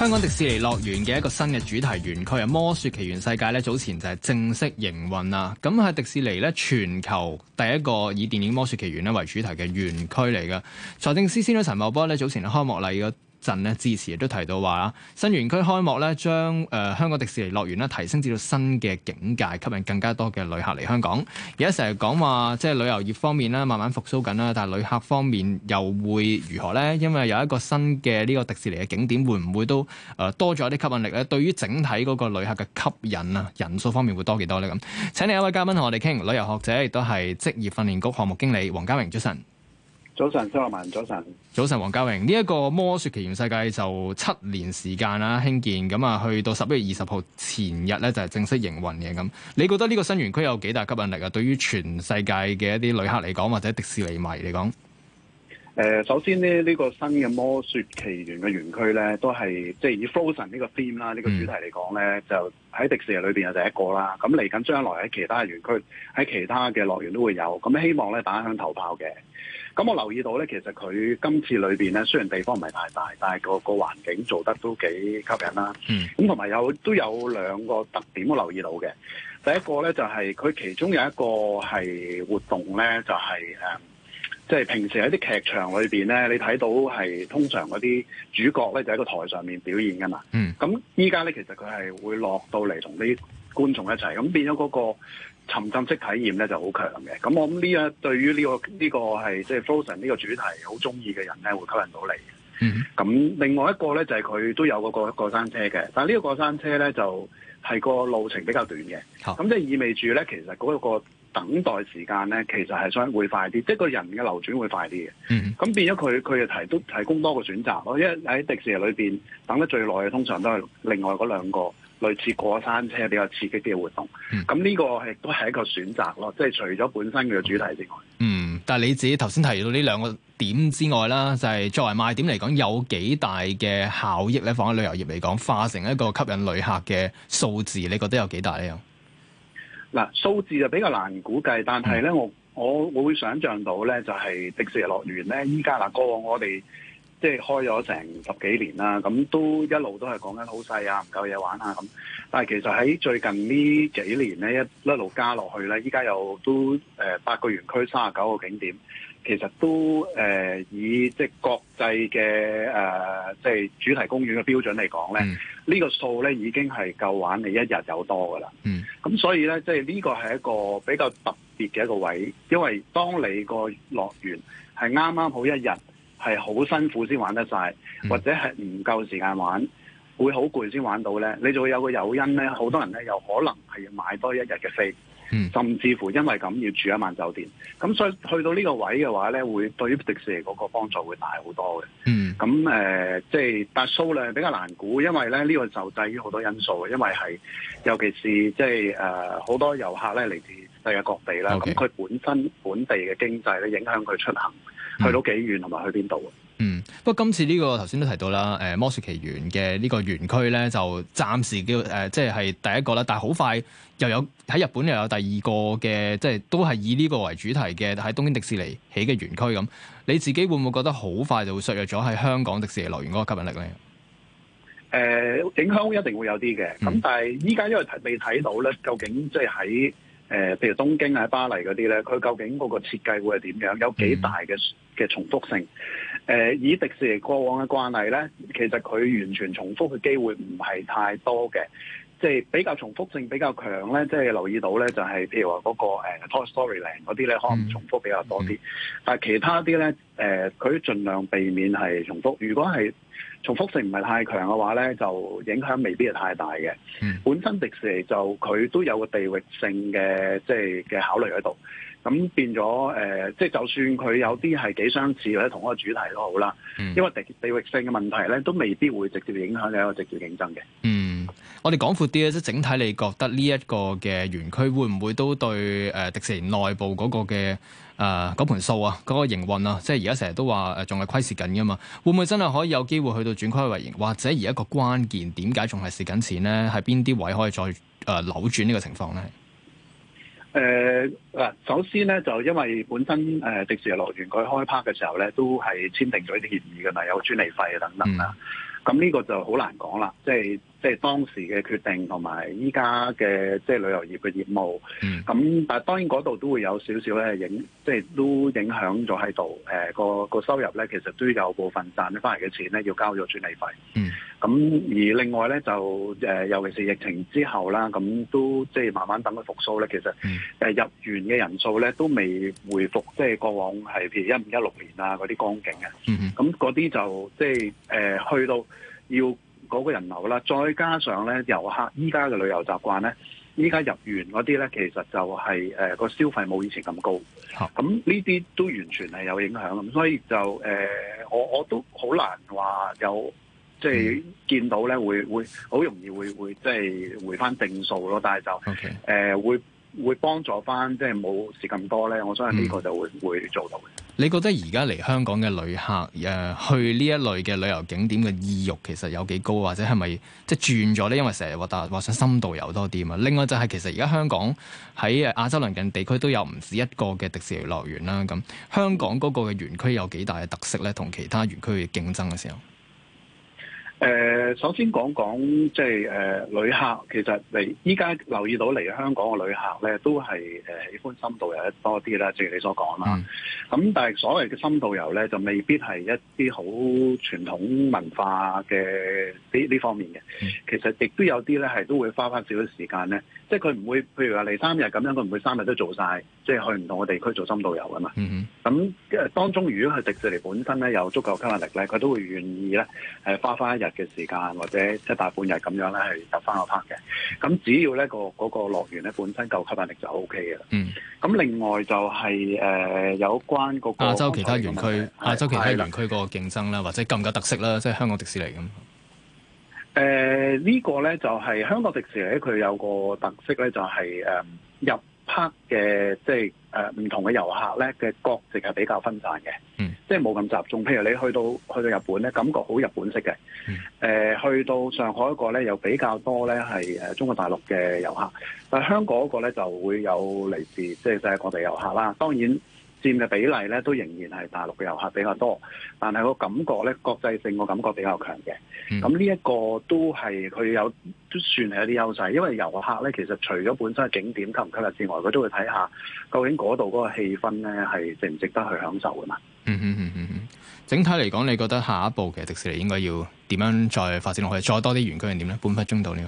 香港迪士尼樂園嘅一個新嘅主題園區啊，《魔雪奇緣世界》咧早前就係正式營運啦。咁係迪士尼咧全球第一個以電影《魔雪奇緣》咧為主題嘅園區嚟嘅。財政司司長陳茂波咧早前開幕禮嘅陣咧，之前亦都提到話新園區開幕咧，將誒香港迪士尼樂園咧提升至到新嘅境界，吸引更加多嘅旅客嚟香港。而家成日講話，即係旅遊業方面咧，慢慢復甦緊啦，但係旅客方面又會如何呢？因為有一個新嘅呢個迪士尼嘅景點，會唔會都誒多咗啲吸引力咧？對於整體嗰個旅客嘅吸引啊，人數方面會多幾多呢？咁請另一位嘉賓同我哋傾，旅遊學者亦都係職業訓練局項目經理黃家榮，早晨。早晨，周阿文，早晨。早晨，黃家榮，呢一個《魔雪奇緣》世界就七年時間啦，興建咁啊，去到十一月二十號前日咧就係正式營運嘅。咁你覺得呢個新園區有幾大吸引力啊？對於全世界嘅一啲旅客嚟講，或者迪士尼迷嚟講？誒、呃，首先呢，呢個新嘅《魔雪奇緣》嘅園區咧，都係即係以 Frozen 呢個 theme 啦、嗯，呢個主題嚟講咧，就喺迪士尼裏邊有第一個啦。咁嚟緊將來喺其他園區喺其他嘅樂園都會有，咁希望咧打響頭炮嘅。咁我留意到咧，其實佢今次裏面咧，雖然地方唔係太大，但係個個環境做得都幾吸引啦、啊。咁同埋有都有兩個特點我留意到嘅，第一個咧就係佢其中有一個係活動咧，就係誒，即係平時喺啲劇場裏面咧，你睇到係通常嗰啲主角咧就喺個台上面表演噶嘛。咁依家咧其實佢係會落到嚟同啲觀眾一齊，咁變咗嗰個，沉浸式體驗咧就好強嘅，咁我諗呢一對於呢、這個呢、這個係即係、就是、Frozen 呢個主題好中意嘅人咧，會吸引到你。咁、嗯、另外一個咧就係佢都有嗰個過山車嘅，但係呢個過山車咧就係、是、個路程比較短嘅，咁即係意味住咧其實嗰個等待時間咧其實係想會快啲，即係個人嘅流轉會快啲嘅。咁、嗯、變咗佢佢又提都提供多個選擇咯，因為喺迪士尼裏邊等得最耐嘅通常都係另外嗰兩個。類似過山車比較刺激嘅活動，咁、嗯、呢個亦都係一個選擇咯。即係除咗本身嘅主題之外，嗯，但係你自己頭先提到呢兩個點之外啦，就係、是、作為賣點嚟講，有幾大嘅效益咧？放喺旅遊業嚟講，化成一個吸引旅客嘅數字，你覺得有幾大咧？嗱，數字就比較難估計，但係咧、嗯，我我我會想像到咧，就係迪士尼樂園咧，依家嗱，過往我哋。即係開咗成十幾年啦，咁都一路都係講緊好細啊，唔夠嘢玩啊咁。但係其實喺最近呢幾年咧，一一路加落去咧，依家又都八個園區、三十九個景點，其實都誒、呃、以即係國際嘅誒即係主題公園嘅標準嚟講咧，呢、嗯、個數咧已經係夠玩你一日有多噶啦。嗯，咁所以咧，即係呢個係一個比較特別嘅一個位，因為當你個樂園係啱啱好一日。係好辛苦先玩得晒，或者係唔夠時間玩，會好攰先玩到咧。你就會有個誘因咧，好多人咧又可能係買多一日嘅飛，甚至乎因為咁要住一晚酒店。咁所以去到呢個位嘅話咧，會對於迪士尼嗰個幫助會大好多嘅。嗯，咁誒，即係達數咧比較難估，因為咧呢、這個就制於好多因素，因為係尤其是即係誒好多遊客咧嚟自世界各地啦，咁、okay. 佢本身本地嘅經濟咧影響佢出行。去到幾遠同埋去邊度啊？嗯，不過今次呢、呢個頭先都提到啦，誒《魔雪奇緣》嘅呢個園區咧，就暫時叫誒，即、呃、係、就是、第一個啦。但係好快又有喺日本又有第二個嘅，即、就、係、是、都係以呢個為主題嘅喺東京迪士尼起嘅園區咁。那你自己會唔會覺得好快就會削弱咗喺香港迪士尼樂園嗰個吸引力咧？誒、呃，影響一定會有啲嘅，咁、嗯、但係依家因為睇未睇到咧，究竟即係喺。誒、呃，譬如東京喺巴黎嗰啲咧，佢究竟嗰個設計會係點樣？有幾大嘅嘅、嗯、重複性？誒、呃，以迪士尼過往嘅慣例咧，其實佢完全重複嘅機會唔係太多嘅，即係比較重複性比較強咧，即係留意到咧，就係、是、譬如話嗰、那個、呃、Toy Story Land 嗰啲咧，可能重複比較多啲、嗯嗯。但其他啲咧，佢、呃、盡量避免係重複。如果係重複性唔係太強嘅話咧，就影響未必係太大嘅、嗯。本身迪士尼就佢都有個地域性嘅，即係嘅考慮喺度。咁變咗誒，即係就算佢有啲係幾相似或者同一個主題都好啦、嗯。因為地地域性嘅問題咧，都未必會直接影響你一個直接競爭嘅。嗯。我哋廣闊啲咧，即係整體，你覺得呢一個嘅園區會唔會都對誒、呃、迪士尼內部嗰個嘅誒嗰盤數啊，嗰、嗰個營運啊，即係而家成日都話誒仲係虧蝕緊嘅嘛，會唔會真係可以有機會去到轉虧為盈，或者而一個關鍵點解仲係蝕緊錢咧？係邊啲位可以再、呃、扭轉呢個情況咧、呃？首先咧就因為本身誒、呃、迪士尼樂園佢開 part 嘅時候咧，都係簽訂咗啲協議嘅嘛，有專利費等等啦。咁、嗯、呢個就好難講啦，即係即係當時嘅決定同埋依家嘅即係旅遊業嘅業務，咁、嗯、但當然嗰度都會有少少咧影，即係都影響咗喺度。誒、呃那個個收入咧，其實都有部分賺返翻嚟嘅錢咧，要交咗專利費。咁、嗯、而另外咧就誒、呃，尤其是疫情之後啦，咁都即係慢慢等佢復甦咧，其實入園嘅人數咧都未回復，即係過往係譬如一五、一六年啊嗰啲光景啊。咁嗰啲就即係誒、呃、去到要。嗰、那個人流啦，再加上咧遊客依家嘅旅遊習慣咧，依家入園嗰啲咧，其實就係誒個消費冇以前咁高，咁呢啲都完全係有影響，咁所以就誒、呃、我我都好難話有即係、就是、見到咧會會好容易會會即係、就是、回翻正數咯，但係就誒、okay. 呃、會。會幫助翻，即係冇事咁多咧。我相信呢個就會、嗯、會做到嘅。你覺得而家嚟香港嘅旅客誒、呃、去呢一類嘅旅遊景點嘅意欲其實有幾高，或者係咪即係轉咗咧？因為成日話達話想深度遊多啲啊嘛。另外就係其實而家香港喺亞洲鄰近地區都有唔止一個嘅迪士尼樂園啦。咁香港嗰個嘅園區有幾大嘅特色咧？同其他園區嘅競爭嘅時候。誒、呃，首先講講即係誒、呃、旅客，其實嚟依家留意到嚟香港嘅旅客咧，都係、呃、喜歡深度遊多啲啦，正如你所講啦。咁、嗯、但係所謂嘅深度遊咧，就未必係一啲好傳統文化嘅呢呢方面嘅、嗯，其實亦都有啲咧係都會花返少少時間咧。即係佢唔會，譬如話嚟三日咁樣，佢唔會三日都做晒，即係去唔同嘅地區做深度遊啊嘛。咁、mm -hmm. 當中，如果佢迪士尼本身咧有足夠吸引力咧，佢都會願意咧，誒花翻一日嘅時間或者即係大半日咁樣咧，係入翻個 park 嘅。咁只要咧、那個嗰、那個樂園咧本身夠吸引力就 O K 嘅啦。嗯，咁另外就係、是、誒、呃、有關嗰個亞洲其他園區、亞洲其他園區嗰個競爭啦，或者夠唔夠特色啦，即係香港迪士尼咁。誒、呃，呢、這個呢、就是，就係香港迪士尼，佢有個特色呢、就是，就係、是、誒，入 park 嘅即係誒唔同嘅遊客呢，嘅國籍係比較分散嘅，即係冇咁集中。譬如你去到去到日本呢，感覺好日本式嘅，誒、嗯呃，去到上海嗰個呢，又比較多呢係誒中國大陸嘅遊客，但係香港嗰個呢，就會有嚟自即係世界各地遊客啦。當然。佔嘅比例咧，都仍然係大陸嘅遊客比較多，但係個感覺咧，國際性個感覺比較強嘅。咁呢一個都係佢有都算係一啲優勢，因為遊客咧其實除咗本身嘅景點吸唔吸日之外，佢都會睇下究竟嗰度嗰個氣氛咧係值唔值得去享受㗎嘛。嗯嗯嗯嗯嗯，嗯，整體嚟講，你覺得下一步嘅迪士尼應該要點樣再發展落去，再多啲園區係點咧？半分鐘到呢？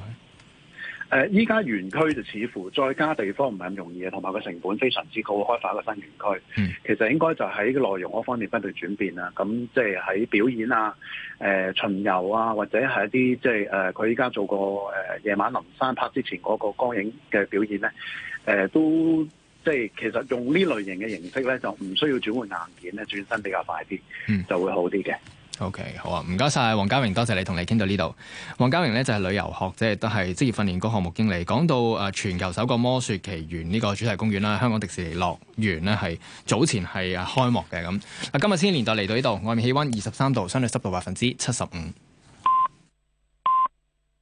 誒、呃，依家園區就似乎再加地方唔係咁容易啊，同埋個成本非常之高，開發一個新園區。其實應該就喺個內容嗰方面不斷轉變啊。咁即係喺表演啊、誒、呃、巡遊啊，或者係一啲即係誒佢依家做過誒、呃、夜晚臨山拍之前嗰個光影嘅表演咧，誒、呃、都即係、就是、其實用呢類型嘅形式咧，就唔需要轉換硬件咧，轉身比較快啲、嗯，就會好啲嘅。O.K. 好啊，唔該晒，黃家榮。多謝你同你哋傾到呢度。黃家榮呢就係旅遊學者，亦都係職業訓練局項目經理。講到全球首個《魔雪奇緣》呢個主題公園啦，香港迪士尼樂園呢係早前係開幕嘅咁。嗱、啊，今日先年代嚟到呢度，外面氣温二十三度，相對濕度百分之七十五。